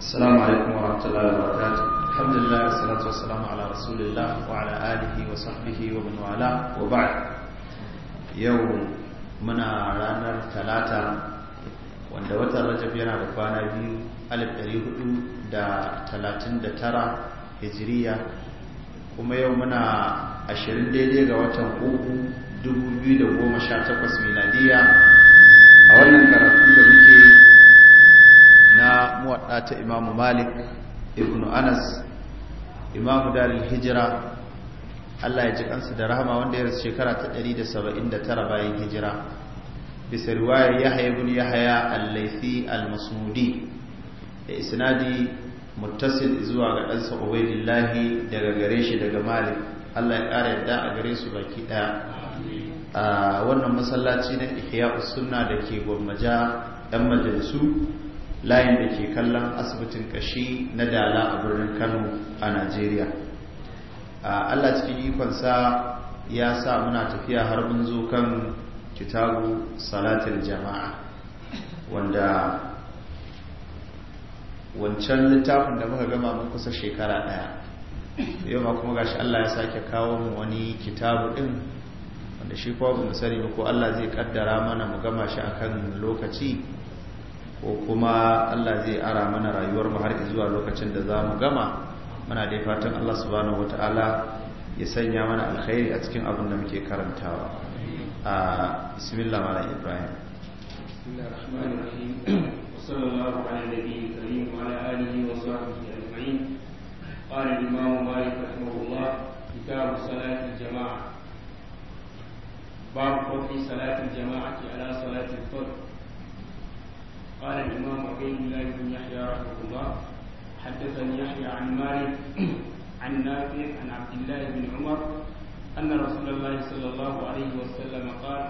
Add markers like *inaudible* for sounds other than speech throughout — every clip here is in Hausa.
السلام عليكم ورحمة الله وبركاته الحمد لله والصلاة والسلام على رسول الله وعلى آله وصحبه ومن والاه وبعد يوم منا رانر ثلاثة wanda watan rajab yana da kwana biyu alif ɗari hudu da talatin da tara hijiriya kuma yau muna ashirin daidai ga watan uku dubu biyu da goma sha takwas miladiya a wannan karatun da muke na muwadda ta imamu malik ibn anas imamu dalil hijira allah ya ji kansa da rahama wanda ya rasu shekara ta 179 bayan hijira bisa riwayar yahaya ibn yahaya al-laythi al-masmudi da isnadi muttasil zuwa ga ɗansa ubaidillah daga gare shi daga malik allah ya ƙara yadda a gare su baki ɗaya a wannan masallaci na ihya sunna da ke gwammaja 'yan majalisu layin da ke kallon asibitin kashi na dala a birnin kano a najeriya allah cikin ikonsa ya sa muna tafiya har mun zo kan kitabu salatin jama'a wanda wancan littafin da muka gama mun kusa shekara daya yau ma kuma gashi Allah ya sake kawo mu wani kitabu din wanda shi kuma mu ko Allah zai kaddara mana mu gama shi akan lokaci ko kuma Allah zai ara mana rayuwar mu har zuwa lokacin da za mu gama muna da fatan Allah subhanahu wataala ya sanya mana alkhairi a cikin abin da muke karantawa a bismillah mala ibrahim *clears throat* sallallahu alaihi wa wa sahbihi ajma'in qala imam malik قال الإمام عبيد الله بن يحيى رحمه الله حدثني يحيى عن مالك عن نافع عن عبد الله بن عمر أن رسول الله صلى الله عليه وسلم قال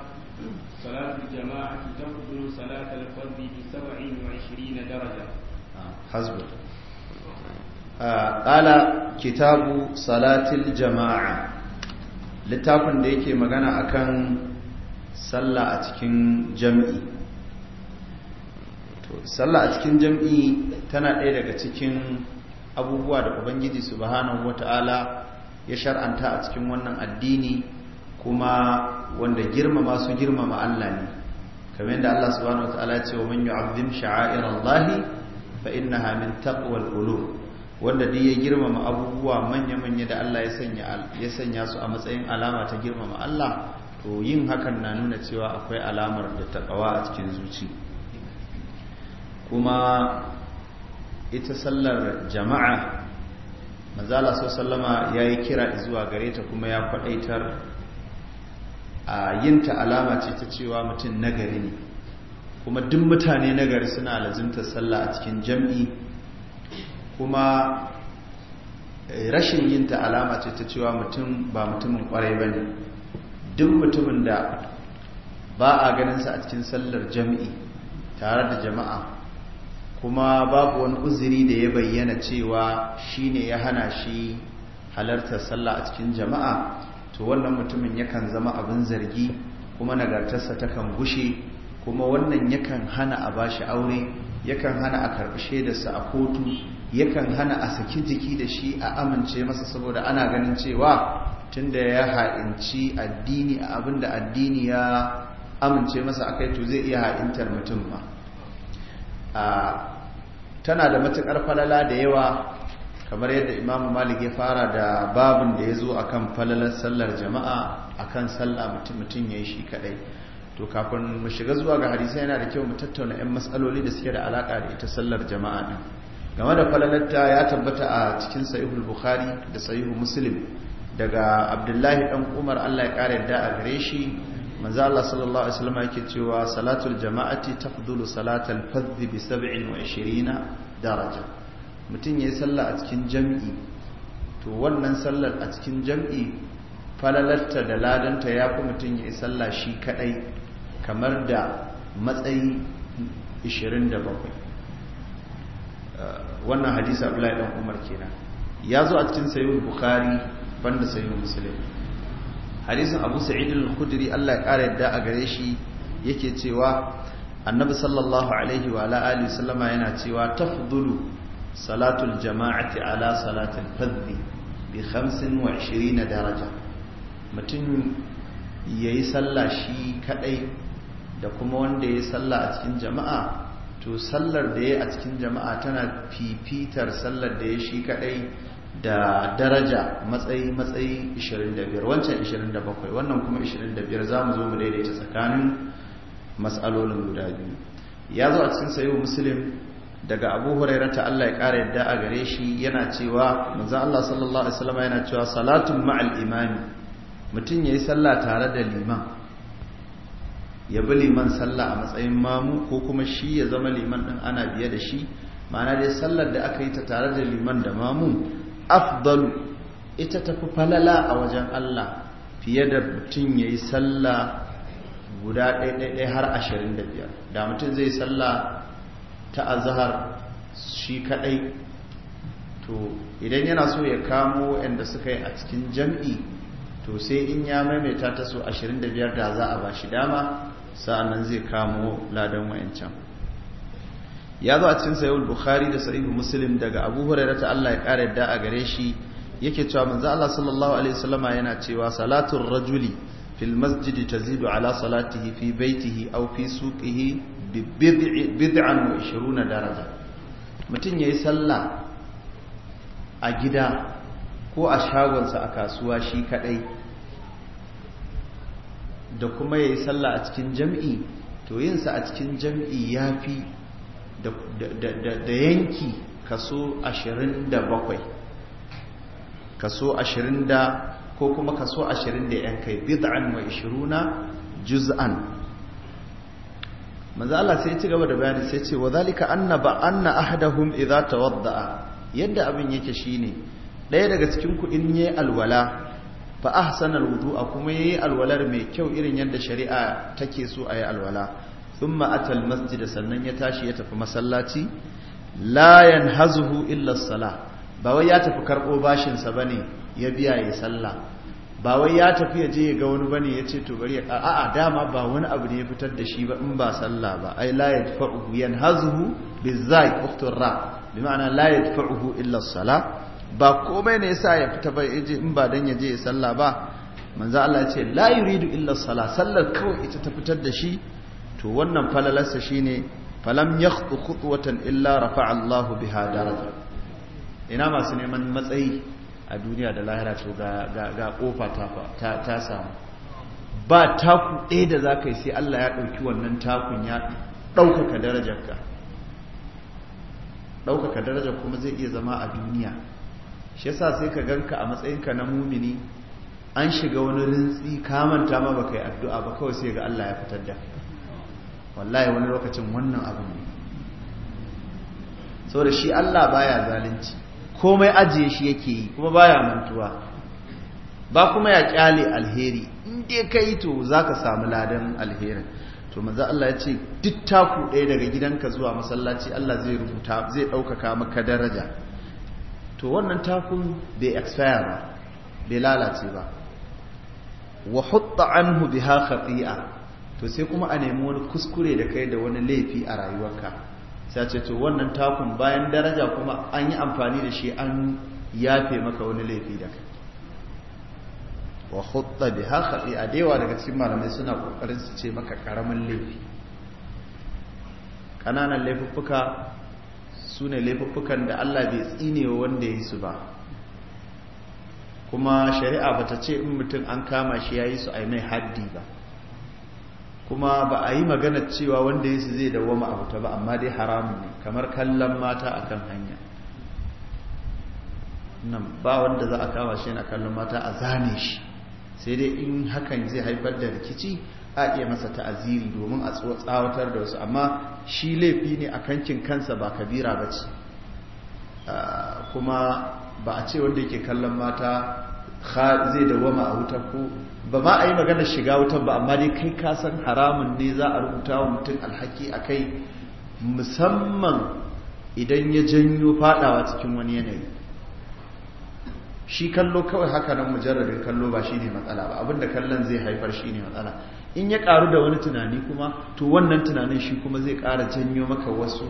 صلاة الجماعة تفضل صلاة الفرد بسبع وعشرين درجة حسبك قال كتاب صلاة الجماعة littafin da yake magana akan sallah a cikin jam'i sallah a cikin jam'i tana ɗaya daga cikin abubuwa da ubangiji subhanahu wata'ala ya shar'anta a cikin wannan addini kuma wanda girmama su girmama Allah ne kamar yadda Allah subhanahu wata'ala ya ce wa man yu'azzim sha'airallahi fa innaha min taqwal qulub wanda duk ya girmama abubuwa manya-manya da Allah ya sanya su a matsayin alama ta girmama Allah to yin hakan na nuna cewa akwai alamar da ƙawa a cikin zuci. kuma ita sallar jama'a manzala so sallama ya yi kira zuwa gare ta kuma ya kwadaitar a yinta alama ce ta cewa mutum nagari ne kuma duk mutane nagari suna lazimtar sallah a cikin jam'i kuma eh, rashin yinta alama ce ta cewa mutum ba mutumin kwarai ba ne duk mutumin da ba a ganinsa a cikin sallar jam'i tare da jama'a kuma babu wani uzuri da ya bayyana cewa shi ne ya hana shi halartar sallah a cikin jama'a to wannan mutumin yakan zama abin zargi kuma nagartarsa takan gushe kuma wannan yakan hana a bashi aure yakan hana a karɓi shaidarsa a kotu yakan hana a saki jiki da shi a amince masa saboda ana ganin cewa tunda ya ha'inci addini a abinda addini ya amince masa akai to zai iya ha'intar mutum ma tana da matukar falala da yawa kamar yadda imamu malik ya fara da babin da ya zo a kan falalar sallar jama'a a kan sallah mutum ya yi shi kaɗai to kafin mu shiga zuwa ga hadisai yana da kyau mu tattauna 'yan matsaloli da suke da alaƙa da ita sallar jama'a ɗin game da falalarta ya tabbata a cikin sahihul bukhari da sahihu muslim daga abdullahi ɗan umar allah ya ƙara yadda a gare shi manzo Allah sallallahu alaihi wasallam yake cewa salatul jama'ati tafdulu salatal fadhi bi 27 daraja mutum yayi sallah a cikin jam'i to wannan sallar a cikin jam'i falalarta da ladanta yafi mutum yayi sallah shi kadai kamar da matsayi 27 uh, wannan hadisi Abdullahi dan Umar kenan ya zo a cikin sayyid Bukhari banda sayyid Muslim hadisin abu sa'idul Allah ya kara yadda a gare shi yake cewa annabi sallallahu alaihi wa alihi sallama yana cewa tafdulu salatul jama'ati ala salatil fadhi bi 25 daraja mutum yayi sallah shi kadai da kuma wanda yayi sallah a cikin jama'a to sallar da yayi a cikin jama'a tana fifitar sallar da yayi shi kadai da daraja matsayi matsayi 25 wancan 27 wannan kuma 25 za mu zo mu daidaita tsakanin matsalolin guda biyu ya zo a cikin sayo musulun daga abu hurairata Allah ya ƙara yadda a gare shi yana cewa manzo Allah sallallahu alaihi wasallama yana cewa salatun ma'al imani, mutum ya yi sallah tare da liman ya bi liman sallah a matsayin mamu ko kuma shi ya zama liman ɗin ana biye da shi ma'ana dai sallar da aka yi ta tare da liman da mamu afdalu ita tafi falala a wajen Allah fiye da mutum ya yi sallah guda ɗaiɗaiɗai har ashirin da biyar da mutum zai sallah ta azahar shi kaɗai to idan yana so ya kamo yadda suka yi a cikin jam'i to sai in ya maimaita ta so ashirin da biyar da za a ba shi dama sa'annan zai kamo ladan wa'ancan ya zo a cikin sayyid bukhari da sahih muslim daga abu hurairah ta Allah ya kare yadda a gare shi yake cewa manzo Allah sallallahu alaihi wasallama yana cewa salatul rajuli fil masjid tazidu ala salatihi fi baitihi aw fi suqihi bi bid'an 20 daraja mutun yayi sallah a gida ko a shagonsa a kasuwa shi kadai da kuma yayi sallah a cikin jami'i to yin sa a cikin jami'i yafi da yanki kaso 27 kaso 20 ko kuma kaso 20 da yan kai bid'an wa 20 juz'an manzo Allah sai ya ci gaba da bayani sai ce wa zalika anna ahaduhum idza tawadda yadda abin yake shine daya daga cikin ku in yayi alwala fa ahsana alwudu kuma yayi alwalar mai kyau irin yadda shari'a take so ayi alwala thumma atal masjid sannan ya tashi ya tafi masallaci la yanhazuhu illa as-salah ba wai ya tafi karbo bashin sa bane ya biya ya sallah ba wai ya tafi ya je ga wani bane ya ce to bari a dama ba wani abu ne ya fitar da shi ba in ba sallah ba ai la yadfa'uhu yanhazuhu bizai ukhtur ra bi ma'ana la yadfa'uhu illa as ba komai ne yasa ya fita ba yaje in ba dan ya je ya sallah ba manzo Allah ya ce la yuridu illa as sallar kawai ita ta fitar da shi to wannan falalarsa ne falam yakhdu watan illa rafa Allah biha daraja ina masu neman matsayi a duniya da lahira to ga kofa ta samu ba taku ɗaya da zaka yi sai Allah ya ɗauki wannan takun ya ɗaukaka darajarka ɗaukaka darajar kuma zai iya zama a duniya shi yasa sai ka ganka a matsayinka na mumini an shiga wani rintsi ka manta ba baka yi addu'a ba kawai sai ga Allah ya fitar da wallahi wani lokacin wannan abu ne da shi Allah baya zalunci komai ajiye shi yake yi kuma baya mantuwa ba kuma ya kyale alheri in dai kai to zaka samu ladan alherin to maza Allah ya ce duk taku ɗaya daga gidanka zuwa masallaci Allah zai rubuta zai ɗaukaka maka daraja to wannan takun bai expire ba bai lalace ba wa hutta anhu biha khati'a to sai kuma a nemi wani kuskure da kai da wani laifi a rayuwarka sai ce to wannan takun bayan daraja kuma an yi amfani da shi an yafe maka wani laifi da kai wa hutta bi haƙaƙi a dewa daga cikin malamai suna ƙoƙarin su ce maka ƙaramin laifi ƙananan laifuffuka su ne laifuffukan da allah bai tsine wanda ya yi su ba kuma shari'a bata ce in mutum an kama shi ya yi su a mai haddi ba kuma ba a yi magana cewa wanda ya su zai dawwama a ba amma dai haramun ne kamar kallon mata a hanya nan ba wanda za a kama shi na kallon mata a zane shi sai dai in hakan zai haifar da rikici a iya masa ta'aziri domin a tsawatar da wasu amma shi laifi ne a kankin kansa ba kabira ba ce ah, kuma ba a ce wanda yake kallon mata zai dawwama a wuta ko ba ma a yi maganar shiga wutan ba amma dai kai ka san haramun ne za a rubuta wa mutum alhaki a kai musamman idan ya janyo fadawa cikin wani yanayi shi kallo kawai hakanan nan mujarrabin kallo ba shi ne matsala ba abinda kallon zai haifar shi ne matsala in ya karu da wani tunani kuma to wannan tunanin shi kuma zai kara janyo maka wasu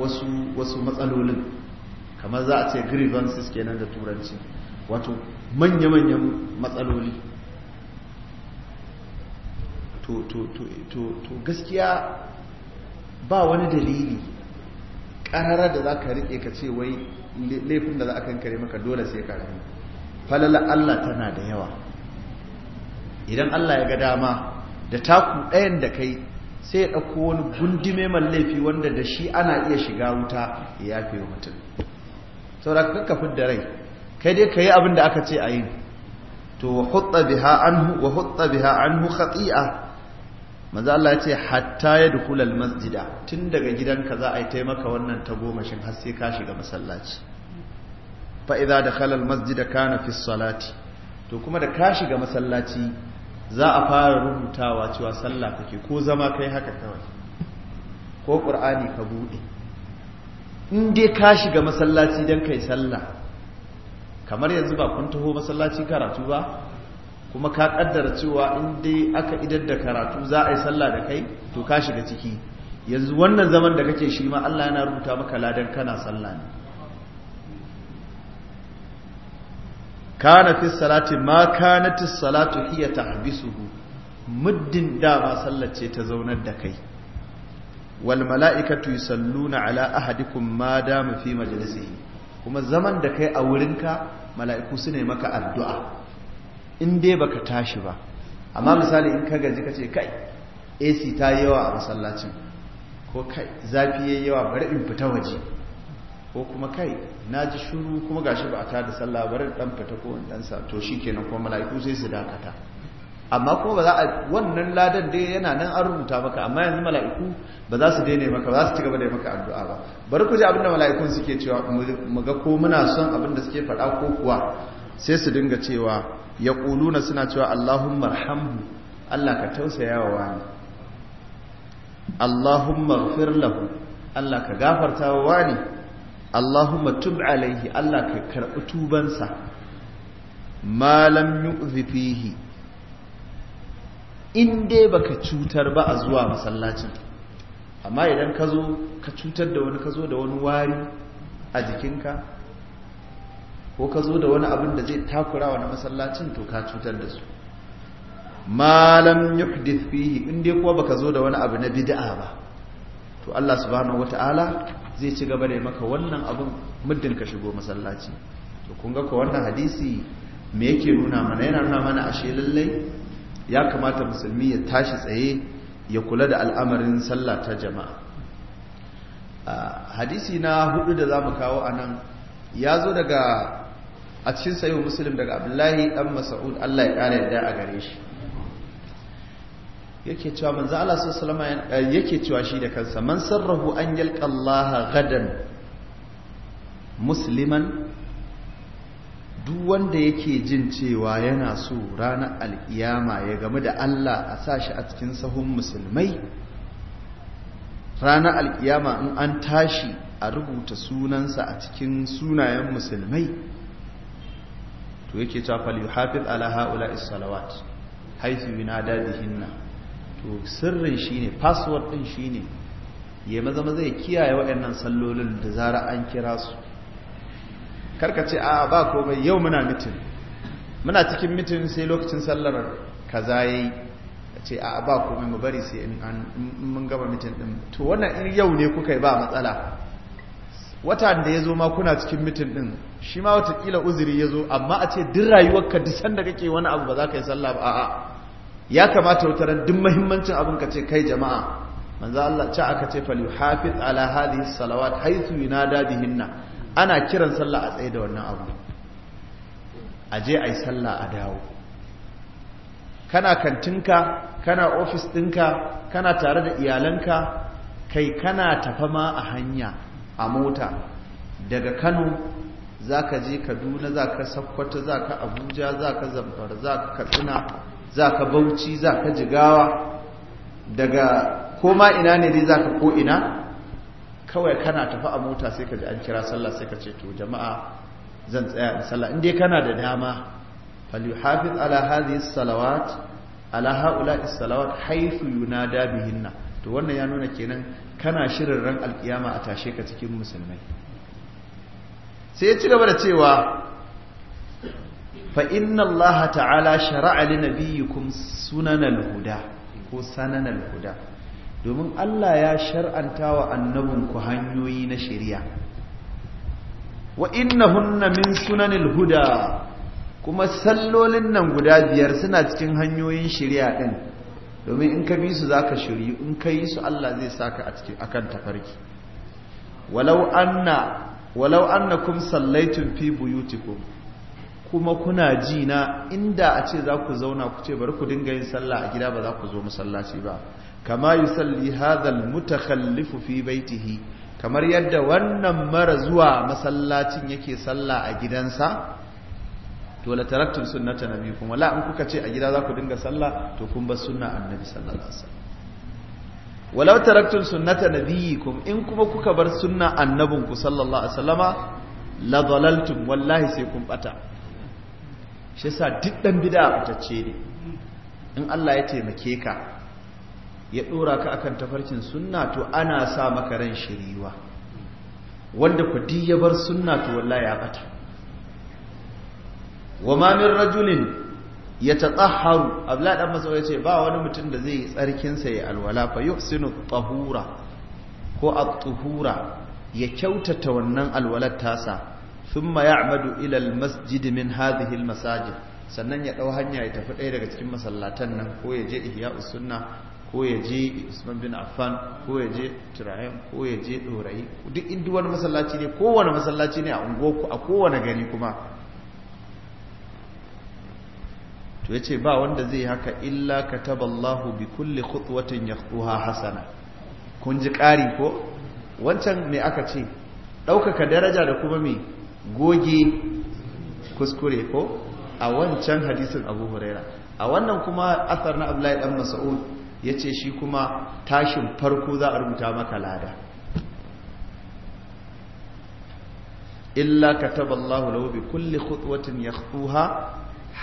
wasu wasu matsalolin kamar za a ce grievances kenan da turanci wato manya-manyan matsaloli to gaskiya ba wani dalili ƙarara da za ka riƙe ka ce wai laifin da za a kankare maka dole sai ka rami falala Allah tana da yawa idan Allah ya ga dama da taku ɗayan da kai sai ya ɗauko wani gundume mai laifi wanda da shi ana iya shiga wuta ya yafe mutum sauraka kakkafin da rai kai dai ka yi abin da aka ce a yi to wa hutsa biha anhu wa hutsa biha anhu khati'a manzo Allah ya ce hatta ya dukula masjida tun daga gidanka za a yi taimaka wannan ta goma gomashin har sai ka shiga masallaci fa idza dakhala masjida kana fi salati to kuma da ka shiga masallaci za a fara rubutawa cewa sallah kake ko zama kai haka kawai ko qur'ani ka bude in dai ka shiga masallaci dan kai sallah kamar yanzu ba kun taho masallaci karatu ba kuma ka kaddara cewa in dai aka idar da karatu za a yi sallah da kai to ka shiga ciki yanzu wannan zaman da kake shi ma Allah yana rubuta maka ladan kana sallah ne kana fi salati ma kanati salatu hiya tahbisuhu muddin dama sallar ce ta zaunar da kai wal mala'ikatu yusalluna ala ahadikum ma dama fi majlisihi kuma zaman da kai a wurinka mala'iku su ne maka addu'a in dai ka tashi ba amma misali in ka gaji ka ce kai ac ta yi yawa a masallacin ko kai zafi ya yawa bari in fita waje ko kuma kai na ji shuru kuma gashi ba a tada sallah bari dan fita ko in dan sa to kenan kuma mala'iku sai su dakata amma kuma ba za a wannan ladan dai yana nan an rubuta maka amma yanzu mala'iku ba za su daina maka ba za su ci gaba da maka addu'a ba bari ku ji abin da mala'ikun suke cewa mu ga ko muna son abin da suke faɗa ko kuwa sai su dinga cewa ya ƙuluna suna cewa Allahumma rahamhu Allah ka tausaya wa wani Allahumma ghfir lahu Allah ka gafarta wa wani Allahumma tub alaihi Allah ka karɓi tubansa ma lam in dai baka cutar ba a zuwa masallacin amma idan ka zo ka cutar da wani ka zo da wani wari a jikinka ko ka zo da wani abin da zai takura wani masallacin to ka cutar da su malam yukdith fihi in dai kuwa baka zo da wani abu na bid'a ba to Allah subhanahu wataala zai ci gaba da maka wannan abin muddin ka shigo masallaci to kun ga ko wannan hadisi me yake nuna mana yana nuna mana ashe lallai ya kamata musulmi ya tashi tsaye ya kula da al'amarin sallah ta jama'a hadisi na hudu da zamu kawo anan ya zo daga a cikin sayo musulun daga abdullahi dan mas'ud Allah ya kare yadda a gare shi yake cewa manzo Allah sallallahu alaihi eh, yake cewa shi da kansa man sarrahu an yalqa Allah gadan musliman duk wanda yake jin cewa yana so ranar alkiyama ya gamu da Allah a sa shi a cikin sahun musulmai ranar alkiyama in an tashi a rubuta sunansa a cikin sunayen musulmai to yake ta falyuhafiz ala haula salawat haythu yunada dihinna to sirrin shine password din shine ya maza maza ya kiyaye waɗannan sallolin da zara an kira su karka ce a ba komai yau muna mitin muna cikin mitin sai lokacin sallar kaza a ce a ba komai mu bari sai mun gama mitin din to wannan in yau ne kuka yi ba matsala wata da ya zo ma kuna cikin mitin din shi ma watakila uzuri ya zo amma a ce duk rayuwarka duk sanda kake wani abu ba za ka yi sallah ba a'a ya kamata wataran duk muhimmancin abin ka ce kai jama'a manzo Allah ce aka ce fal yuhafiz ala hadhihi salawat haythu yunada bihinna ana kiran sallah a tsaye da wannan abu a je a yi sallah a dawo kana kantinka kana ofis ɗinka kana tare da iyalanka kai kana tafa ma a hanya a mota daga kano za ka je kaduna za ka sakwata za ka abuja za ka zamfara za ka katsina za ka bauchi za ka jigawa daga koma ina ne dai za ka ko'ina kawai kana tafi a mota sai ka ji an kira sallah sai ka ce to jama'a zan tsaya in sallah in dai kana da dama hafiz ala hadhihi salawat ala haula salawat haythu yunada bihinna to wannan ya nuna kenan kana shirin ran alkiyama a tashe ka cikin musulmai sai ya ci gaba da cewa fa inna allaha ta'ala shara'a li nabiyyikum sunanal huda ko sananal huda domin Allah ya shar'anta wa ku hanyoyi na shari'a wa innahunna min sunanil huda kuma sallolin nan guda biyar suna cikin hanyoyin shari'a din domin in ka bi su zaka shiri in ka su Allah zai saka a cikin akan tafarki walau anna walau annakum sallaitum fi buyutikum kuma kuna ji na inda a ce za ku zauna ku ce bari ku dinga yin sallah a gida ba za ku zo masallaci ba kama yusalli hadha almutakhallifu fi baitihi kamar yadda wannan mara zuwa masallacin yake sallah a gidansa to la taraktum sunnata nabiyikum wala in kuka ce a gida za ku dinga sallah to kun bar sunna annabi sallallahu alaihi wasallam walau taraktum sunnata nabiyikum in kuma kuka bar sunna annabinku sallallahu alaihi wasallama la dalaltum wallahi sai kun bata shi yasa duk dan bid'a batacce ne in Allah ya taimake ka ya ɗora ka akan tafarkin sunna to ana sa maka ran shiriwa wanda ku ya bar sunna to wallahi ya bata wa ma min rajulin yatatahharu abla dan masa yace ba wani mutum da zai tsarkin sa ya alwala fa yuhsinu tahura ko at-tuhura ya kyautata wannan alwalar tasa thumma ya'madu ila al-masjid min hadhihi al-masajid sannan ya dau hanya ya tafi ɗaya daga cikin masallatan nan ko ya je ihya'us sunna ko ya je Usman bin Affan ko ya je Turayen ko ya je Dorayi duk inda wani masallaci ne kowane masallaci ne a unguwarku a kowane gari kuma to yace ba wanda zai haka illa kataballahu bi kulli khutwatin yaqtuha hasana kun ji ƙari ko wancan me aka ce ɗaukaka daraja da kuma mai goge kuskure ko a wancan hadisin Abu Huraira a wannan kuma asar na Abdullahi dan Mas'ud ya ce shi kuma tashin farko za a rubuta maka lada illa taba Allahu lau bi kulli khutwatin yakhutuha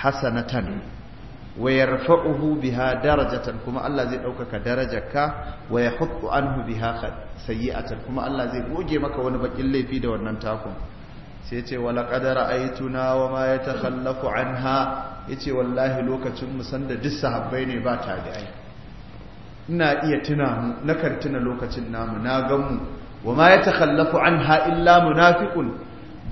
hasanatan wa biha darajatan kuma Allah zai daukaka darajarka wa yahuttu anhu biha sayyi'atan kuma Allah zai goge maka wani bakin laifi da wannan takun sai ce wala yi tuna wa ma ya ha anha yace wallahi lokacin mu da duk sahabbai ne ba tabi'ai ina iya tuna mu nakan tuna lokacin namu na gan mu wa ma ya takhallafu anha illa munafiqun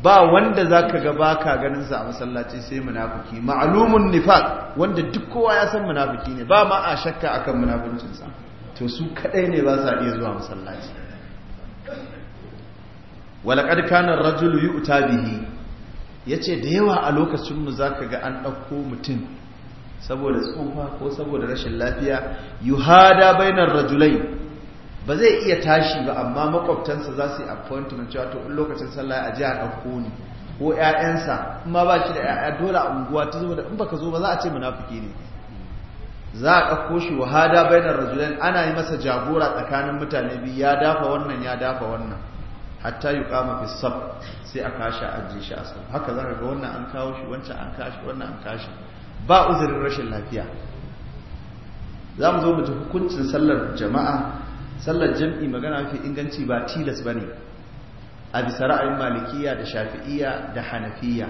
ba wanda zaka ga baka ganin sa a masallaci sai munafiki ma'lumun nifaq wanda duk kowa ya san munafiki ne ba ma a shakka akan munafincin sa to su kadai ne ba sa iya zuwa masallaci walaqad kana ar-rajulu yu'ta bihi yace da yawa a lokacin mu zaka ga an dauko mutum saboda tsufa ko saboda rashin lafiya yuhada bainar rajulai ba zai iya tashi ba amma makwabtansa za su yi appointment cewa to in lokacin sallah a ji a ɗauko ni ko ƴaƴansa in ma ba shi da ƴaƴa dole a unguwa ta da in baka zo ba za a ce munafiki ne za a ɗauko shi wahada bainar rajulai ana yi masa jagora tsakanin mutane biyu ya dafa wannan ya dafa wannan hatta yi kama fi sab sai a kashi a ajiye shi a sab haka za ka ga wannan an kawo shi wancan an kashi wannan an kashi ba uzurin rashin lafiya za mu zo mu ji hukuncin sallar jama'a sallar jam'i magana mafi inganci ba tilas ba ne a bisa ra'ayin malikiya da shafi'iya da hanafiya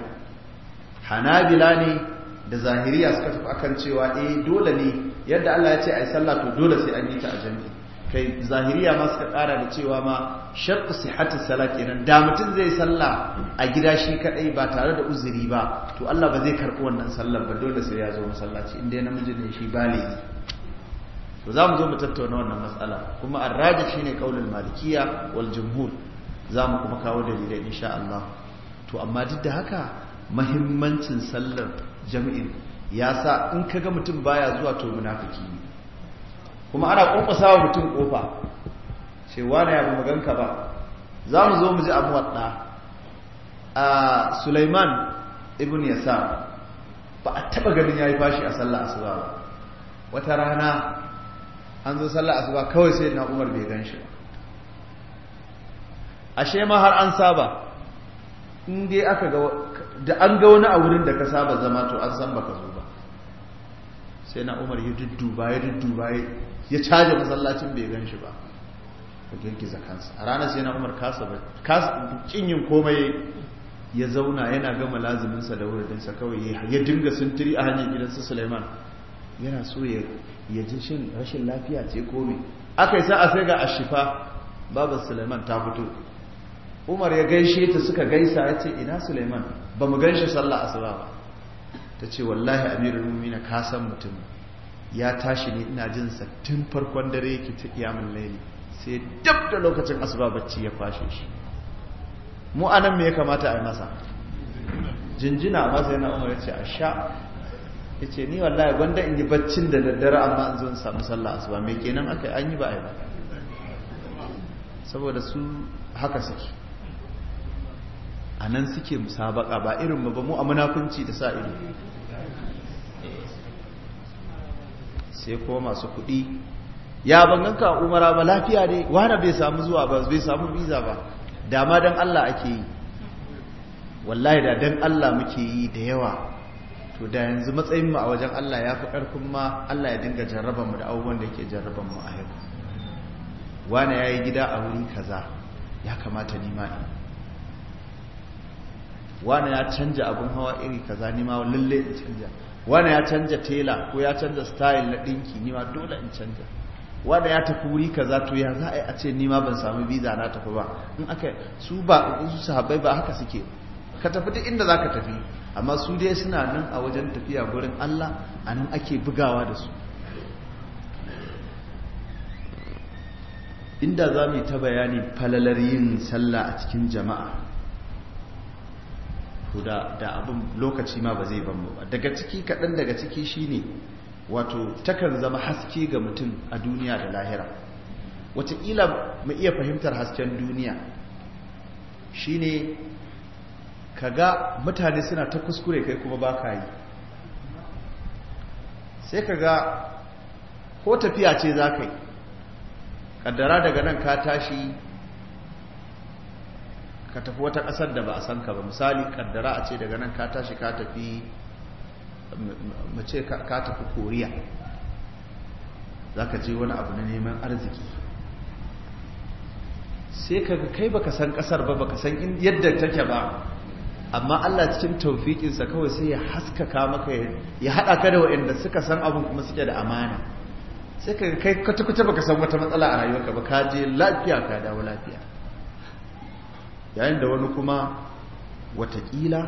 hanabila ne da zahiriya suka tafi akan cewa eh dole ne yadda Allah ya ce ai sallah to dole sai an yi ta a jami'i kai zahiriya ma suka kara da cewa ma shartu sihhatu sala kenan da mutum zai salla a gida shi kadai ba tare da uzuri ba to Allah ba zai karbi wannan sallar ba dole sai ya zo masallaci inda namiji ne shi baligi to za mu zo mu tattauna wannan matsala kuma arraji shine qaulul malikiyya wal jumhur za mu kuma kawo dalilai insha Allah to amma duk da haka mahimmancin sallar jami'in yasa sa in kaga mutum baya zuwa to munafiki ne kuma ana ƙwanƙwasa wa mutum kofa, cewa na yabu maganka ba za mu zo mu ji abu wadda a suleiman ibn yasa ba a taɓa ganin ya yi fashi a sallah asuba ba wata rana an zo sallah asuba kawai sai na umar bai gan shi ba ashe ma har an saba in aka ga da an ga wani a wurin da ka saba zama to an san baka zo ba sai na umar ya dudduba ya dudduba ya caje masallacin bai gan shi ba ka girgiza kansa a ranar sai na umar kasa ba yin komai ya zauna yana gama laziminsa da wuridinsa kawai ya dinga sintiri a hanyar gidansa suleiman yana so ya ji shin rashin lafiya ce komai. aka yi sa'a sai ga ashifa babu suleiman ta fito umar ya gaishe ta suka gaisa ya ce ina suleiman ba mu ganshi sallah asuba ba ta ce wallahi amirul mu'mina ka san mutum ya tashi ne ina jin sa tun farkon dare yake ta kiyamun laili sai dab da lokacin asuba bacci ya kwashe shi mu anan me ya kamata a yi masa jinjina amma sai na umar ya ce a sha ni wallahi gwanda in yi baccin da daddare amma an zo in samu sallah asuba me kenan aka an yi ba a yi ba saboda su haka suke a nan suke musabaka ba irin mu ba mu a munafunci da sa ido sai kuma masu kuɗi ya banganka umara ba lafiya ne wane bai samu zuwa ba bai samu biza ba dama don Allah ake yi wallahi da don Allah muke yi da yawa to da yanzu matsayinmu a wajen Allah ya fi ƙarfin ma Allah ya dinga jarrabanmu da abubuwan da ke jarrabanmu a yau wane ya yi gida a wuri kaza ya kamata nima in wani ya canja abin hawa iri kaza nima ma lalle in canja wani ya canja tela ko ya canja style na dinki nima dole in canja wani ya tafi wuri kaza to ya za a yi a ce nima ban samu visa na tafi ba in aka su ba su sahabbai ba haka suke ka tafi duk inda za ka tafi amma su dai suna nan a wajen tafiya gurin Allah a nan ake bugawa da su inda za mu yi ta bayani falalar yin sallah a cikin jama'a to da abin lokaci ma ba zai ban mu ba daga ciki kaɗan daga ciki shine wato takan zama haske ga mutum a duniya da lahira wataƙila mu iya fahimtar hasken duniya shine ka ga mutane suna ta kuskure kai kuma ba ka yi sai ka ga ko tafiya ce za ka yi ƙaddara daga nan ka tashi ka tafi wata ƙasar da ba a san ka ba misali kaddara a ce daga nan ka tashi ka tafi mace ka tafi koriya za ka je wani abu na neman arziki sai ka kai baka san ƙasar ba baka san yadda take ba amma Allah cikin taufiƙinsa kawai sai ya haskaka maka ya haɗa ka da waɗanda suka san abin kuma suke da amana sai ka kai kwata-kwata baka san wata matsala a rayuwarka ba ka je lafiya ka dawo lafiya yayin da wani kuma watakila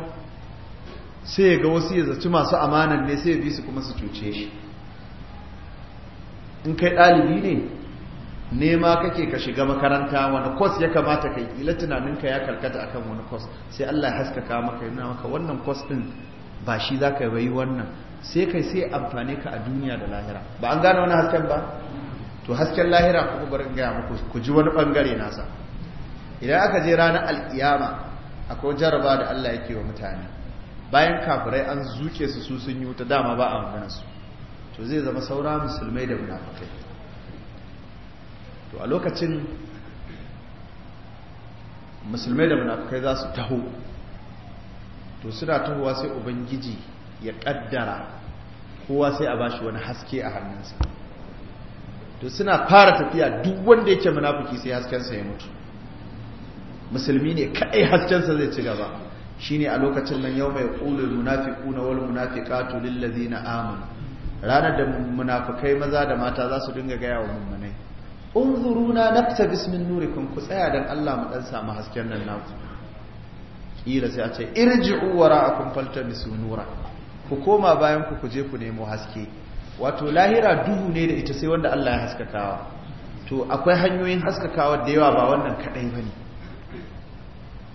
sai ga wasu ya zaci masu amanan ne sai ya bi su kuma su cuce shi in kai ɗalibi ne nema kake ka shiga makaranta wani kwas ya kamata kai ila tunaninka ya karkata akan wani kwas sai Allah ya haskaka maka yana maka wannan kwas ɗin ba shi za ka yi wannan sai kai sai amfane ka a duniya da lahira ba an gane wani hasken ba to hasken lahira kuma barin gaya muku ku ji wani bangare nasa idan aka je ranar alkiyama akwai jaraba da Allah yake wa mutane bayan kafirai an zuke su su sun yi wuta dama ba a magana su to zai zama saura musulmai da munafakai to a lokacin musulmai da munafakai za su taho to suna tahowa sai ubangiji ya kaddara kowa sai a ba shi wani haske a hannunsa to suna fara tafiya duk wanda yake munafiki sai haskensa ya mutu musulmi ne kaɗai haskensa zai ci gaba shine a lokacin nan yau mai ƙulul munafiquna wal munafiqatu lil ladina amanu ranar da munafikai maza da mata za su dinga gaya wa mummunai unzuruna naktabis min nurikum ku tsaya dan Allah mu dan samu hasken nan naku kila sai a ce irji'u wara'akum faltamisu nura ku koma bayan ku ku je ku nemo haske wato lahira duhu ne da ita sai wanda Allah ya haskakawa to akwai hanyoyin haskakawa da yawa ba wannan kadai bane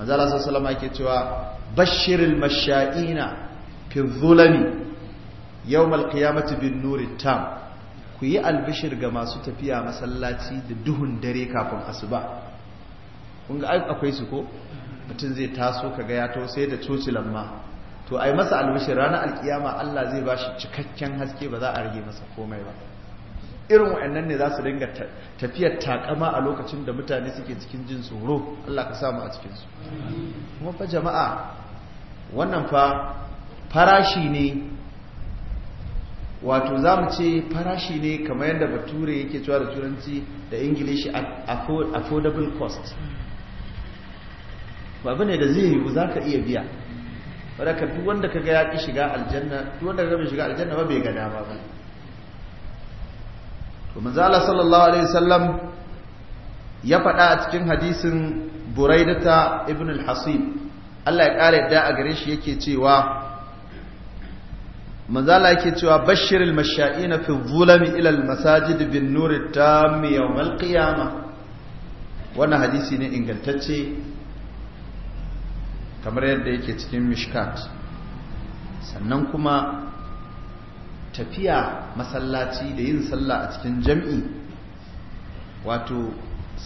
manzo Allah sallallahu alaihi yake cewa bashiril masha'ina fi dhulami yawm alqiyamati bin nuri tam ku yi albishir ga masu tafiya masallaci da duhun dare kafin asuba kun ga akwai su ko mutum zai taso kaga ya to sai da cocilan ma to ai masa albishir ranar alkiyama Allah zai bashi cikakken haske ba za a rage masa komai ba irin wa'annan ne za su dinga tafiyar takama a lokacin da mutane suke cikin jin tsoro Allah ka samu a cikinsu kuma fa jama'a wannan fa farashi ne wato za mu ce farashi ne kamar yadda bature yake cewa da turanci da ingilishi affordable cost babu ne da zai yiwu za ka iya biya wadda ka duk wanda ka ga ya ƙi shiga aljanna wanda ka ga shiga aljanna ba bai ga dama ba to manzo sallallahu alaihi wasallam ya faɗa a cikin hadisin Buraidata ibn al-Hasib Allah ya ƙara yadda a gare shi yake cewa manzo yake cewa bashiril masha'ina fi zulami ila al-masajid bin nuri tam yawm al-qiyamah wannan hadisi ne ingantacce kamar yadda yake cikin mishkat sannan kuma tafiya masallaci da yin sallah a cikin jam'i wato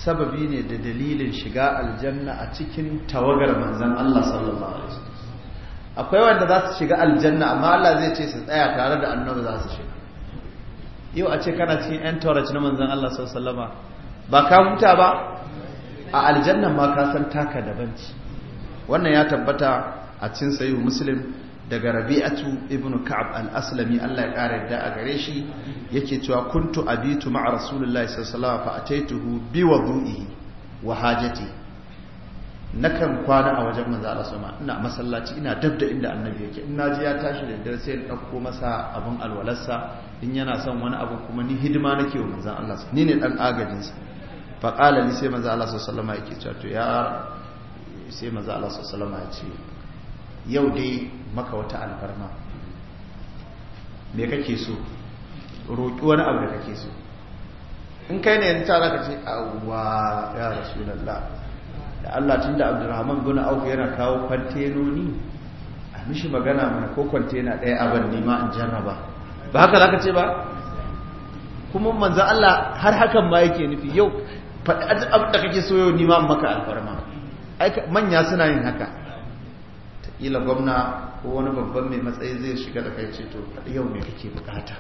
sababi ne da dalilin shiga aljanna a cikin tawagar manzan Allah sallallahu alaihi akwai wanda za su shiga aljanna amma Allah zai ce su tsaya tare da annabi za su shiga yau a ce kana cikin yan tauraci na manzan Allah sallallahu alaihi ba ka huta ba a aljanna ma ka san taka dabanci wannan ya tabbata a cikin sayyid muslim daga rabi'atu ibn ka'ab al-aslami Allah ya kare da a gare shi yake cewa kuntu abitu ma'a rasulullahi sallallahu alaihi wasallam fa ataituhu bi wudu'ihi wa hajati nakan kwana a wajen manzo Allah sama ina masallaci ina dabda inda annabi yake in naji ya tashi da dare sai in dauko masa abun alwalarsa in yana son wani abu kuma ni hidima nake wa manzo Allah ni ne dan agajin sa fa qala li sai manzo Allah sallallahu alaihi wasallam yake cewa to ya sai manzo Allah sallallahu alaihi wasallam ya ce yau dai maka wata alfarma me kake so roƙi wani abu da kake so in kai ne yanzu za ka ce awwa ya rasulallah da Allah tun da abdurrahman guna auku yana kawo kwantenoni a mishi magana mana ko kwantena ɗaya abin nema in jarraba ba haka za ka ce ba kuma manzo Allah har hakan ma yake nufi yau faɗi abin da kake so yau nima maka alfarma manya suna yin haka kila gwamna ko wani babban mai matsayi zai shiga da kai ceto to yau me kake bukata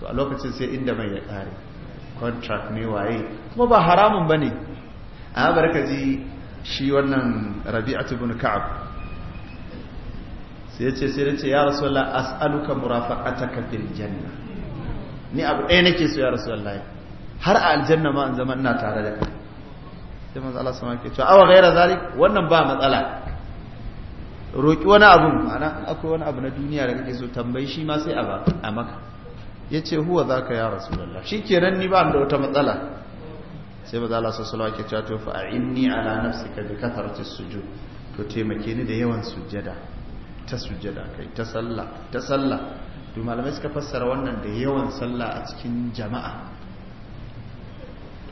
to a lokacin sai inda mai ya kare contract ne waye kuma ba haramun bane a barka ji shi wannan rabi'atu ibn ka'ab sai ya ce sai ya ce ya rasulullah as'aluka murafaqataka fil janna ni abu ɗaya nake so ya rasulullah har a aljanna ma an zama ina tare da kai sai manzo Allah sama ke to awa ghaira zalik wannan ba matsala roƙi wani abu ma'ana akwai wani abu na duniya da kake so tambayi shi ma sai a maka ya ce huwa za ka ya rasulallah shi ke ni ba da wata matsala sai ba za a lasa salawa ke cato fa a inni ala nafsi ka bi katarci suju to taimake ni da yawan sujjada ta sujjada kai ta sallah ta sallah to malamai suka fassara wannan da yawan sallah a cikin jama'a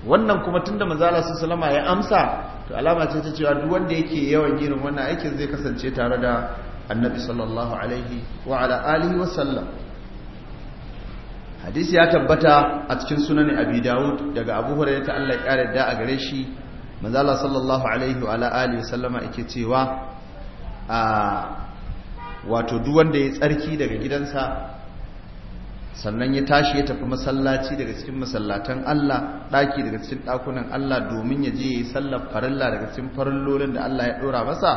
wannan kuma tunda da Allah sun salama ya amsa to alama ce ta cewa duk wanda yake yawan yin wannan aikin zai kasance tare da annabi sallallahu alaihi wa ala alihi wa sallam hadisi ya tabbata a cikin sunan abi dawud daga abu hurairah ta Allah ya kare da a gare shi Manzala, sallallahu alaihi wa ala alihi wa sallama yake cewa a wato duk wanda ya tsarki daga gidansa sannan ya tashi ya tafi masallaci daga cikin masallatan Allah ɗaki daga cikin ɗakunan Allah domin ya je ya yi sallar farilla daga cikin farillolin da Allah ya ɗora masa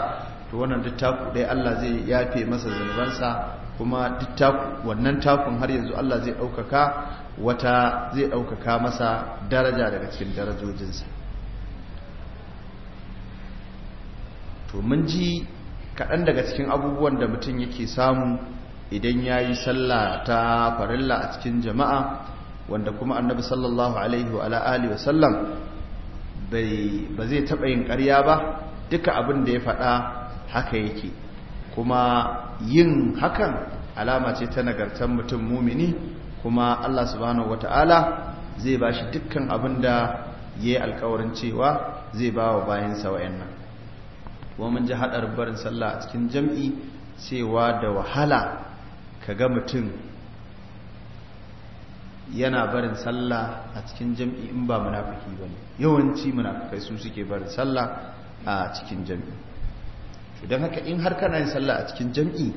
to wannan duk taku ɗaya Allah zai yafe masa zunubansa kuma duk taku wannan takun har yanzu Allah zai ɗaukaka wata zai ɗaukaka masa daraja daga cikin darajojinsa to mun ji kaɗan daga cikin abubuwan da mutum yake samu idan ya yi sallah ta farilla a cikin jama'a wanda kuma annabi sallallahu alaihi wa alihi wa sallam ba zai taɓa yin ƙarya ba duka abin da ya faɗa haka yake kuma yin hakan alama ce ta nagartar mutum mumini kuma Allah subhanahu wata'ala zai ba shi dukkan abin da ya yi alkawarin cewa zai ba wa bayansa nan. kuma mun ji haɗar barin sallah a cikin jam'i cewa da wahala Ka ga mutum yana barin sallah a cikin jam'i in ba munafiki ba ne yawanci munafikai su suke barin sallah a cikin jam'i don haka in har kana yin sallah a cikin jam'i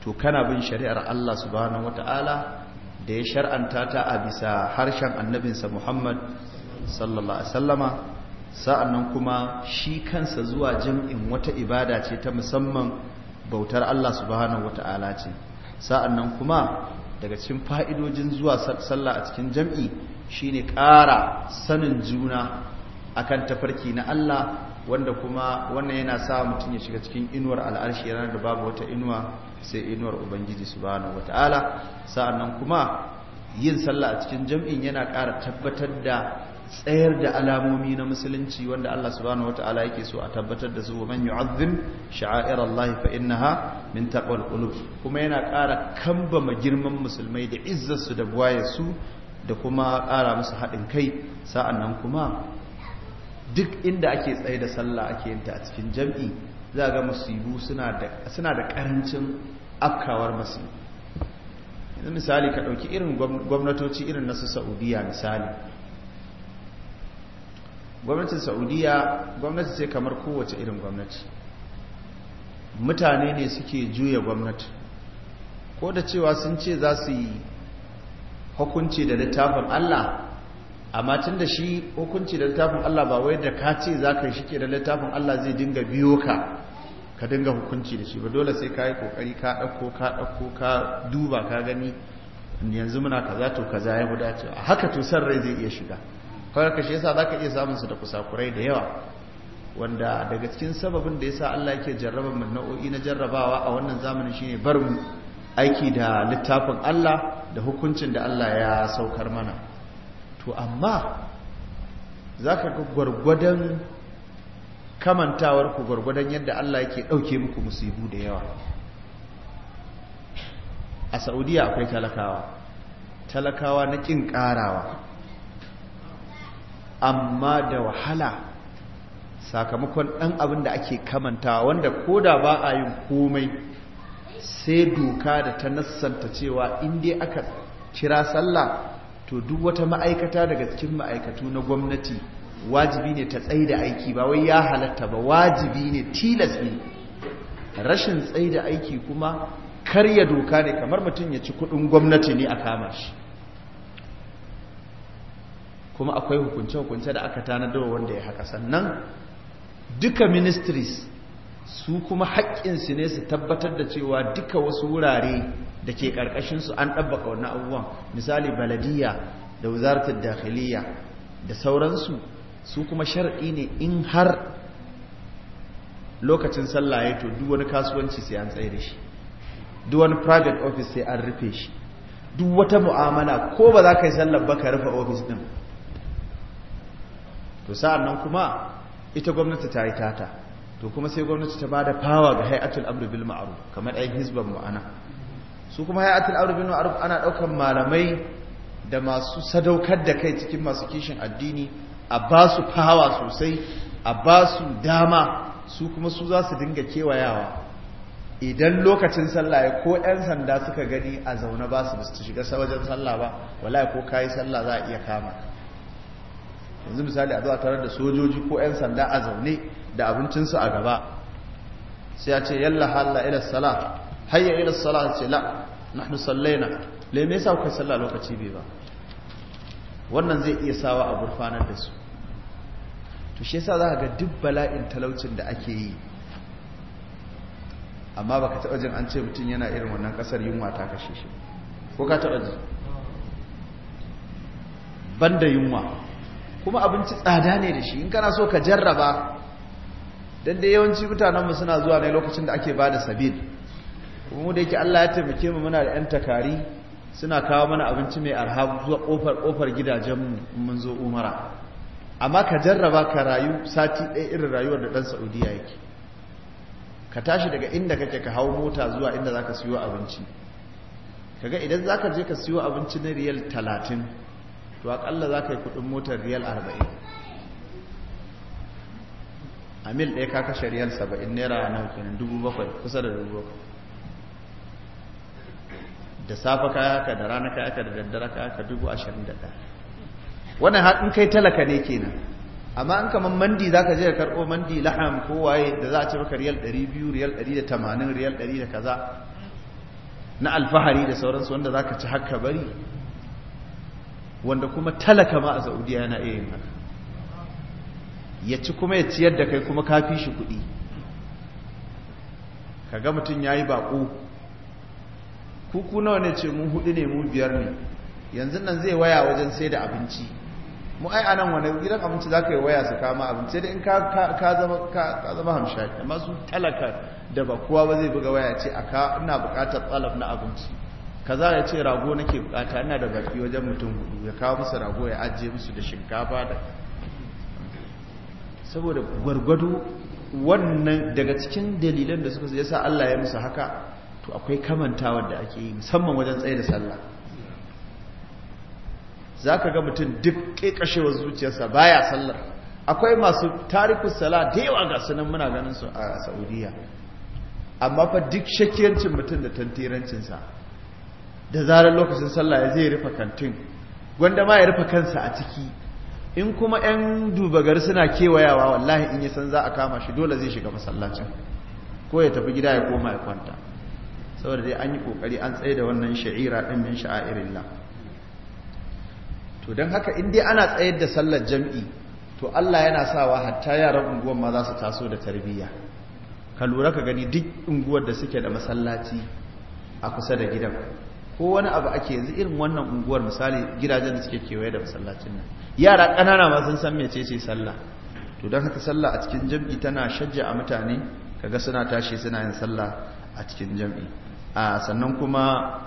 to kana bin shari'ar Allah subhanahu wata'ala da ya shar'anta ta a bisa harshen annabinsa Muhammad sallallahu alaihi sallama sa'annan kuma shi kansa zuwa jam'in wata ibada ce ta musamman bautar Allah subhanahu wata'ala ce sa'annan kuma daga cikin fa'idojin zuwa sallah a cikin jam'i shine ƙara sanin juna akan tafarki na Allah wanda kuma wannan yana sa mutum ya shiga cikin inuwar al'arshi yana da babu wata inuwa sai inuwar ubangiji subhanahu wata'ala sa'annan kuma yin sallah a cikin jam'in yana ƙara tabbatar da tsayar da alamomi na musulunci wanda Allah subhanahu wataala yake so a tabbatar da su man yu'azzim sha'air Allah fa innaha min taqwal qulub kuma yana ƙara kambama girman musulmai da izzar su da buwaye su da kuma ƙara musu haɗin kai sa'annan kuma duk inda ake tsaye da sallah ake yin ta a cikin jam'i za ga musibu suna da suna da ƙarancin afkawar musibu misali ka ɗauki irin gwamnatoci irin na su Saudiya misali gwamnatin saudiya gwamnati sai kamar kowace irin gwamnati mutane ne suke juya gwamnati ko da cewa sun ce za su yi hukunci da littafin allah amma tun da shi hukunci da littafin allah ba wai da ka ce za ka yi shike da littafin allah zai dinga biyo ka ka dinga hukunci da shi ba dole sai ka yi kokari ka ɗauko ka ɗauko ka duba ka gani yanzu muna kaza to kaza ya mu dace haka to san rai zai iya shiga farka shi yasa ka iya samun su da kusakurai da yawa wanda daga cikin sababin da yasa Allah yake jarraba mu nau'o'i na jarrabawa a wannan zamanin shine barin aiki da littafin Allah da hukuncin da Allah ya saukar mana to amma zaka ga gurgurdan kamantawar ku gwargwadon yadda Allah yake dauke muku musibu da yawa a Saudiya akwai talakawa talakawa na kin karawa amma da wahala sakamakon ɗan abin da ake kamanta wanda ko da ba a yin komai sai doka da ta nassanta cewa inda aka kira sallah to duk wata ma'aikata daga cikin ma'aikatu na gwamnati wajibi ne ta tsaye da aiki ba wai ya halatta ba wajibi ne tilas ne rashin tsaye da aiki kuma karya doka ne kamar mutum ya ci kudin gwamnati ne a kama shi kuma akwai hukunce-hukunce da aka tanadarwa wanda ya haka sannan duka ministries su kuma haƙƙinsu ne su tabbatar da cewa duka wasu wurare da ke ƙarƙashinsu an ɗabbaka wannan abubuwan misali baladiya da wuzartar dakhiliya da sauransu su kuma sharaɗi ne in har lokacin sallah ya to duk wani kasuwanci sai an tsaye da shi duk wani private office sai an rufe shi duk wata mu'amala ko ba za ka yi sallar ba ka rufe office din to sa'an nan kuma ita gwamnati ta yi tata to kuma sai gwamnati ta ba da fawa ga hayatul amru bil ma'ruf kamar 'yan hizban ma'ana, su kuma hayatul amru bil ma'ruf ana ɗaukan malamai da masu sadaukar da kai cikin masu kishin addini a ba su fawa sosai a ba su dama su kuma su za su dinga kewayawa idan lokacin sallah ya ko 'yan sanda suka gani a zaune ba su shiga wajen sallah ba wala ko kayi sallah za a iya kama yanzu misali a zuwa tarar da sojoji ko 'yan sanda a zaune da abincinsu a gaba sai ya ce yalla halla ila sala hayya ila sala ce la hannu sallaina le me yasa kuka sallah lokaci bai ba wannan zai iya sawa a gurfanar da su to shi yasa za ga duk bala'in talaucin da ake yi amma baka taɓa jin an ce mutum yana irin wannan ƙasar yunwa ta kashe shi ko ka taɓa ji banda yunwa kuma abinci tsada ne da shi in kana so ka jarraba dan da yawanci mutanenmu suna zuwa ne lokacin da ake da sabil kuma mu da yake Allah ya taimake mu muna da yan takari suna kawo mana abinci mai arha zuwa kofar kofar gidajenmu mun zo umara amma ka jarraba ka rayu sati ɗaya irin rayuwar da ɗan saudiya yake ka tashi daga inda kake ka hau mota zuwa inda zaka siyo abinci kaga idan zaka je ka siyo abinci na riyal talatin to akalla za ka yi kudin motar riyal 40 a mil ɗaya ka kashe riyal 70 naira na hukunan 7,000 kusa da 7,000 da safa kaya ka da rana kaya ka da daddara kaya ka 21,000 wannan haɗin kai talaka ne kenan amma an kamar mandi za ka je ka karɓo mandi laham kowaye da za a ci maka riyal 200 riyal 180 riyal 100 da kaza na alfahari da sauransu wanda za ka ci haka bari wanda kuma talaka ma a saudiya yana iya yin haka ya ci kuma ya ciyar da kai kuma ka fi shi kuɗi kaga mutum ya yi baƙo kuku nawa ne ce mu hudu ne mu biyar ne yanzu nan zai waya wajen sai da abinci mu ai anan wani gidan abinci za ka yi waya su kama abinci da in ka zama hamshaki amma su talaka da ba kowa ba zai buga waya ce a ka ina bukatar tsalaf na abinci kaza ya ce rago nake bukata ina da baki wajen mutum hudu ya kawo musu rago ya ajiye musu da shinkafa da saboda gwargwado wannan daga cikin dalilan da suka yasa Allah ya musu haka to akwai kamantawa da ake yi musamman wajen tsaye da sallah zaka ga mutum duk kekashewar zuciyarsa baya sallar akwai masu tarikus sala da yawa ga sunan muna ganin su a Saudiya amma fa duk shakiyancin mutum da tantirancinsa da zarar lokacin sallah ya zai rufe kantin gwanda ma ya rufe kansa a ciki in kuma 'yan dubagar suna kewayawa wallahi in ya san za a kama shi dole zai shiga masallacin ko ya tafi gida ya koma ya kwanta saboda dai an yi kokari an tsaye da wannan sha'ira ɗin min la to don haka in dai ana tsayar da sallar jam'i to Allah yana sawa hatta yaran unguwar ma za su taso da tarbiyya ka lura ka gani duk unguwar da suke da masallaci a kusa da gidan ko wani abu ake yanzu irin wannan unguwar misali gidajen da suke kewaye da masallacin nan yara ƙanana ma sun san mece ce sallah to don haka sallah a cikin jam'i tana shajja a mutane kaga suna tashi suna yin sallah a cikin jam'i a sannan kuma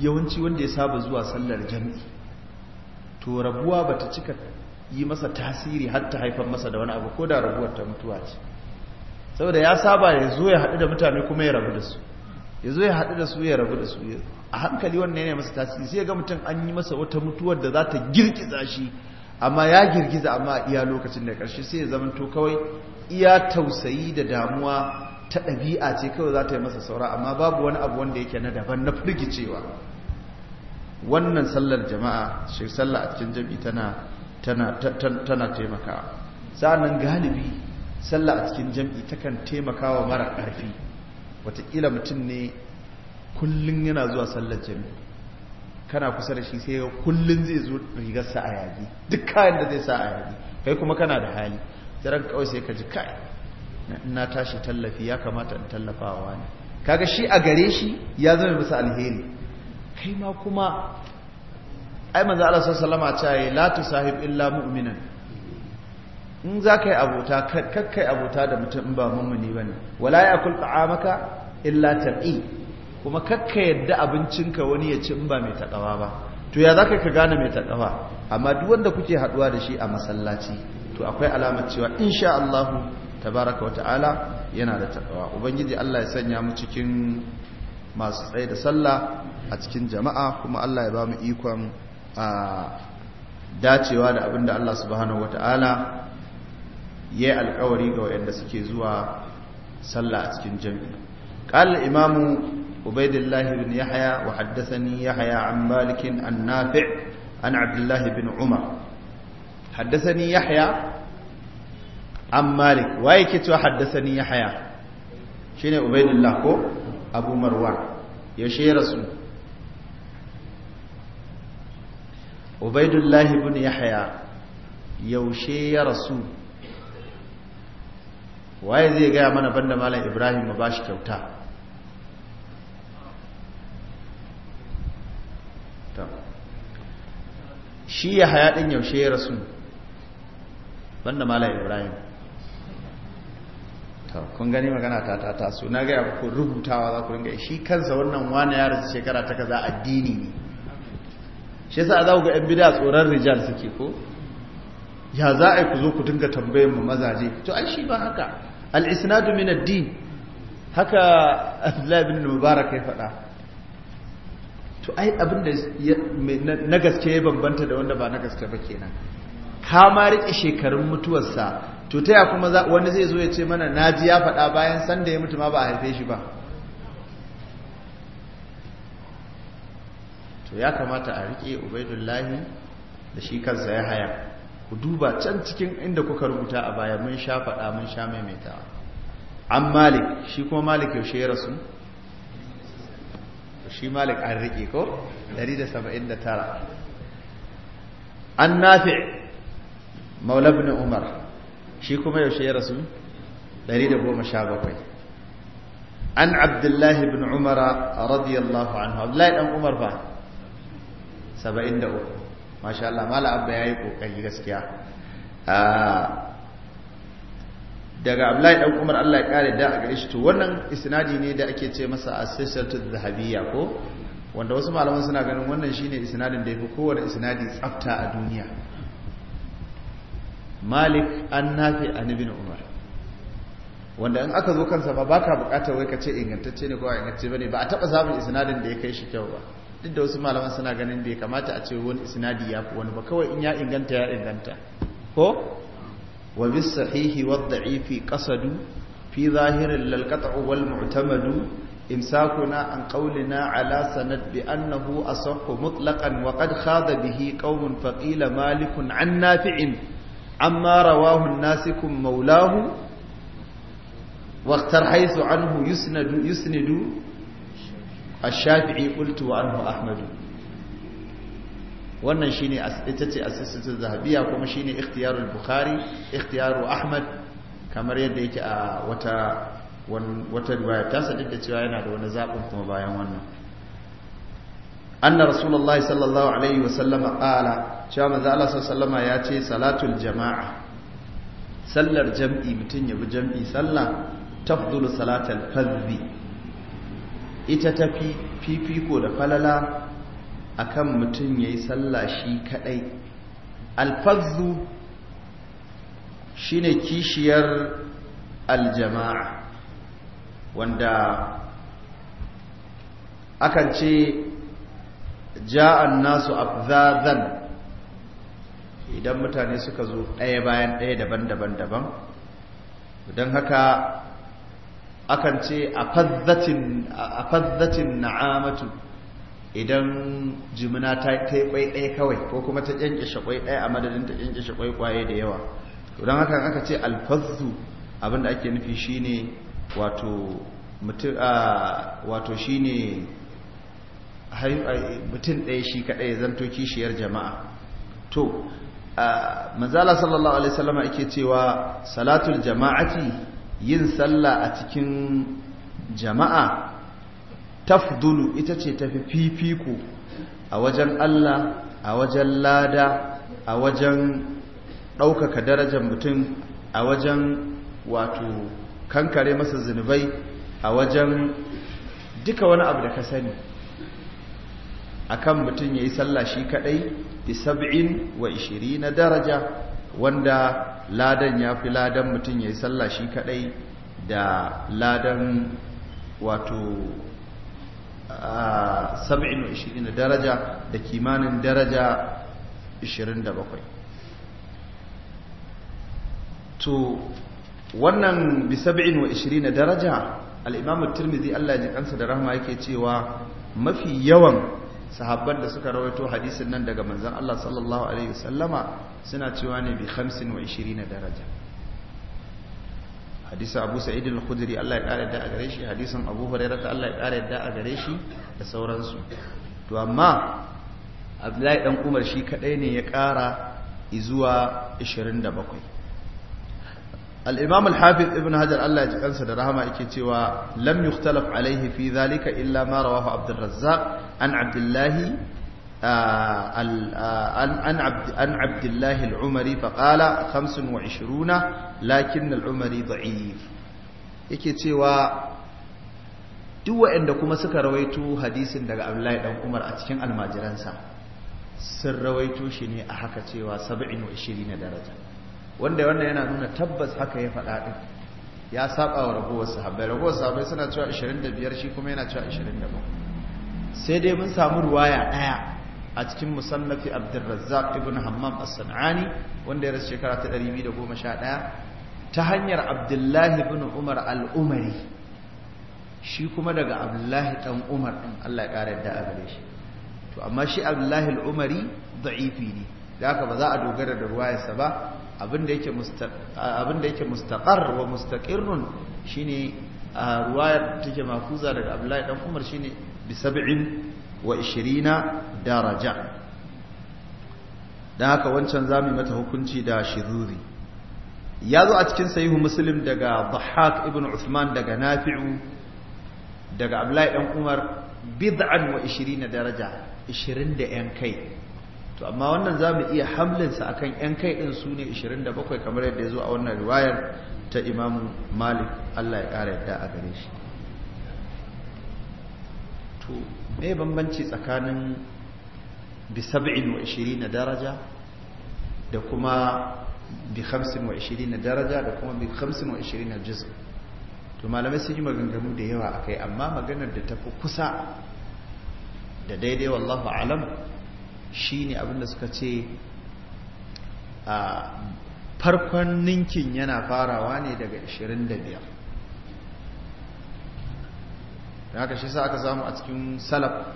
yawanci wanda ya saba zuwa sallar jam'i to rabuwa bata cika yi masa tasiri har ta haifar masa da wani abu ko da rabuwar ta mutuwa ce saboda ya saba ya zo ya haɗu da mutane kuma ya rabu da su ya zo ya haɗu da su ya rabu da su a hankali wannan ne masa tasiri sai ga mutum an yi masa wata mutuwar da za ta girgiza shi amma ya girgiza amma iya lokacin da ƙarshe sai ya zamanto kawai iya tausayi da damuwa ta ɗabi'a ce kawai za ta yi masa saura amma babu wani abu wanda yake na daban na firgicewa wannan sallar jama'a shi sallah a cikin jami'i tana tana tana taimakawa sa'annan galibi sallah a cikin jam'i takan taimaka wa mara ƙarfi wataƙila mutum ne kullum yana zuwa sallar jam'i kana kusa da shi sai kullum zai zo rigarsa a yaji duk kayan da zai sa a yaji kai kuma kana da hali zaren kawai sai ka ji kai na tashi tallafi ya kamata in tallafawa ne kaga shi a gare shi ya zama musu alheri kai ma kuma ai manzo Allah sallallahu alaihi wasallam ya ce la tusahib illa mu'minan in za ka yi abota kakkai abuta da mutum in ba mummuni ba ne wala ya kul ta'amaka illa taɓi kuma kakkai yadda abincinka wani ya ci in ba mai taƙawa ba to ya za ka gane mai taƙawa amma duk wanda kuke haɗuwa da shi a masallaci to akwai alamar cewa insha Allahu tabaraka wa ta'ala yana da taƙawa ubangiji Allah ya sanya mu cikin masu tsaye da sallah a cikin jama'a kuma Allah ya ba mu ikon a ah, dacewa da abinda Allah subhanahu wa ta'ala ya yi alkawari ga wayanda suke zuwa sallah a cikin jami'i qala imam ubaidillah ibn yahya wa haddathani yahya an malik an nafi' an abdullah ibn umar haddathani yahya an malik waye ke cewa haddathani yahya shine ubaidillah ko abu marwan yaushe ya rasu ubaidullahi ibn yahya yaushe ya rasu waye zai gaya mana banda malam ibrahim ma shi kyauta shi ya haya ɗin yaushe ya rasu banda malam ibrahim kun gani magana ta ta taso na gaya ku rubutawa za ku ringa shi kansa wannan wani ya rasu shekara ta kaza addini ne shi sa za ku ga 'yan bida tsoron rijal suke ko ya za a yi ku zo ku dinga tambayin mu mazaje to ai shi ba haka al-isnadu min ad-din haka Abdullah ibn Mubarak ya faɗa to ai abin da na gaske ya bambanta da wanda ba na gaske ba kenan ka ma rike shekarun mutuwarsa to ta ya kuma wani zai zo ya ce mana naji ya faɗa bayan sanda ya mutu ma ba a haife shi ba to ya kamata a rike ubaidullahi da shi kansa ya haya ku duba can cikin inda kuka rubuta a baya mun sha faɗa mun sha maimaita an malik shi kuma malik yaushe ya rasu shi malik an riƙe ko 179 an nafi maula ibn umar shi kuma yaushe ya rasu 117 an abdullahi bin umara radiyallahu anhu abdullahi dan umar ba 73 masha Allah mala abba yi kokari gaskiya ah, daga Abdullahi dan Umar Allah ya kare da a ishi, shi to wannan isnadi ne da ake ce masa a sisatu zahabiya ko wanda wasu malaman suna ganin wannan shine isnadin da ya fi kowane isnadi tsafta a duniya Malik an nafi a ibn Umar wanda in aka zo kansa ba baka bukatar wai ka ce ingantacce ne ko ingantacce ba ne. ba a taba samun isnadin da ya kai shi kyau ba duk da wasu malaman suna ganin bai kamata a ce wani isnadi ya fi wani ba kawai in ya inganta ya inganta ko wa bis sahihi wa da'ifi qasadu fi zahirin lal qat'u wal mu'tamadu imsakuna an qawlina ala sanad bi annahu asahhu mutlaqan wa qad khada bihi qawmun faqila malikun an nafi'in amma rawahu an-nasikum mawlahu واختر حيث عنه يسند يسند ash-shafi'i qultu wa anhu ahmad wannan shine ita ce as-sittatu zahabiyya kuma shine ikhtiyarul bukhari ikhtiyaru ahmad kamar yadda yake a wata wata riwaya ta sadin da cewa yana da wani zabin kuma bayan wannan anna rasulullahi sallallahu alaihi wasallama qala cewa manzo Allah sallallahu alaihi ya ce salatul jama'a sallar jam'i mutun yabi jam'i sallah tafdulu salatul fadhi ita ta fifiko da falala akan mutum ya yi sallah shi kadai alfazzu shine kishiyar aljama'a wanda akan ce ja'an nasu afzazan idan mutane suka zo ɗaya bayan ɗaya daban-daban daban don haka akan ce a fazzatin na'amatu idan jimina ta kai kwai ɗaya kawai ko kuma ta ƙyanƙyashe kwai ɗaya a madadin ta ƙyanƙyashe kwai kwaye da yawa to don haka aka ce alfazzu abinda ake nufi shine wato mutum wato shine mutum ɗaya shi kaɗai zanto kishiyar jama'a to manzala sallallahu alaihi sallama ake cewa salatul jama'ati yin sallah a cikin jama'a tafdulu ita ce tafi fifiko a wajen Allah a wajen lada a wajen ɗaukaka darajar mutum a wajen wato kankare masa zunubai a wajen duka wani abu da ka sani akan mutum ya yi sallah shi kaɗai bi 70 wa na daraja wanda ladan ya fi ladan mutum ya yi sallah shi kadai da ladan wato saba'in ishirin daraja da kimanin daraja ishirin da bakwai to wannan bi saba'in wa ishirin daraja al'imamu turmizi allah ji kansa da rahama yake cewa mafi yawan sahabban da suka rawaito hadisin nan daga manzan Allah sallallahu alaihi wasallama suna cewa ne bi 25 daraja hadisi Abu Sa'id al-Khudri Allah ya kare da a gare shi hadisin Abu hurairata Allah ya kare da a gare shi da sauransu to amma Abdullahi dan Umar shi kadai ne ya kara zuwa 27 al-Imam al-Hafiz Ibn Hajar Allah ya ji kansa da rahama yake cewa lam yukhtalaf alaihi fi zalika illa ma rawahu Abdurrazzaq an abdullahi an abdullahi al'umari faƙala 25 lakin al'umari da'if yake cewa duk waɗanda kuma suka rawaito hadisin daga abdullahi ɗan umar a cikin almajiransa sun rawaito shi ne a haka cewa 27 na daraja wanda wannan yana nuna tabbas haka ya faɗa ɗin ya saba wa ragowar sahabbai ragowar sahabbai suna cewa 25 shi kuma yana cewa 27 sai dai mun samu ruwaya ɗaya a cikin musannafi abdurrazzaq ibn hammam as-sanani wanda ya rasu shekara ta 211 ta hanyar abdullahi ibn umar al-umari shi kuma daga abdullahi dan umar din Allah ya kare da gare shi to amma shi abdullahi al-umari da'ifi ne haka ba za a dogara da ruwayarsa ba abinda yake abinda yake mustaqar wa mustaqirrun shine ruwayar take mafuza daga abdullahi dan umar shine bisab'in wa ishirina daraja da haka wancan zami mata hukunci da shiruri ya zo a cikin sahihu muslim daga dhahak ibn usman daga nafi'u daga abdullahi dan umar bid'an wa ishirina daraja 20 da yan kai to amma wannan zamu iya hamlinsa akan yan kai din su ne 27 kamar yadda ya zo a wannan riwayar ta imamu malik Allah ya kara yadda a gare shi to me bambanci tsakanin bi 27 daraja da kuma bi 25 daraja da kuma bi 25 juz to malamai sun yi maganganu da yawa akai amma maganar da tafi kusa da daidai wallahu alam shine abinda suka ce a farkon ninkin yana farawa ne daga 25 da haka shi sa aka samu a cikin salaf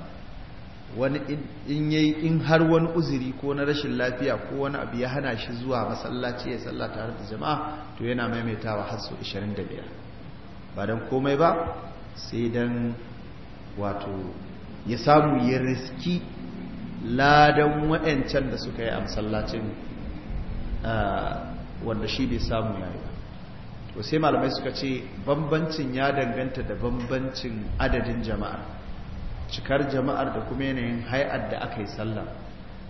wani in yayi in har wani uzuri ko na rashin lafiya ko wani abu ya hana shi zuwa masallaci ya salla tare da jama'a to yana maimaitawa har sau 25 ba dan komai ba sai dan wato ya samu ya riski ladan wa'ancan da suka yi a masallacin ah, wanda shi bai samu yayi ba to sai malamai suka ce bambancin ya danganta da bambancin adadin jama'ar cikar jama'ar da kuma yanayin hai'ar da aka yi sallah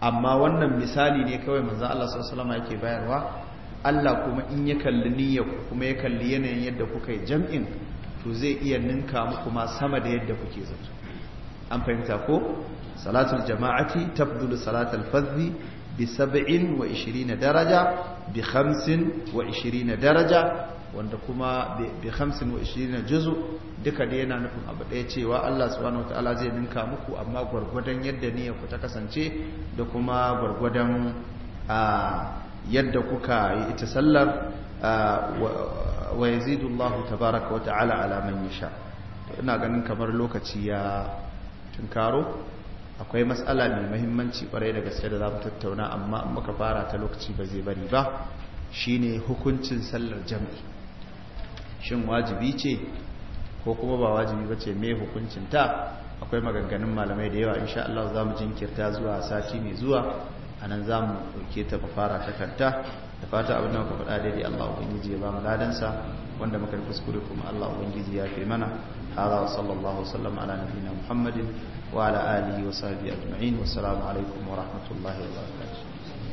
amma wannan misali ne kawai manzan Allah sallallahu alaihi yake bayarwa Allah kuma in ya kalli niyyar kuma ya kalli yanayin yadda kuka yi jam'in to zai iya ninka muku ma sama da yadda kuke zato an fahimta ko salatul jama'ati tabdul salatul fadhi bi 27 daraja bi 25 daraja. wanda kuma bi 25 juzo duka da yana nufin abu ɗaya cewa Allah subhanahu wataala zai ninka muku amma gwargwadon yadda niyyar ku ta kasance da kuma gwargwadon yadda kuka yi ita sallar wa zidu Allah tabaraka wa ta'ala ala ya sha ina ganin kamar lokaci ya tunkaro akwai matsala mai mahimmanci kwarai da gaske da za mu tattauna amma muka fara ta lokaci ba zai bari ba shine hukuncin sallar jam'i shin wajibi ce ko kuma ba wajibi ba ce me hukuncin ta akwai maganganun malamai da yawa insha Allah za mu jinkirta zuwa sati mai zuwa a nan za mu ɗauke ta ba fara ta kanta da fata abin da muka faɗa daidai Allah ubangiji ya ba mu ladansa wanda muka kuskure kuma Allah ubangiji ya fi mana hada wa sallallahu wasallam ala nabiyina muhammadin wa ala alihi wa sahbihi ajma'in wassalamu alaikum wa rahmatullahi wa barakatuh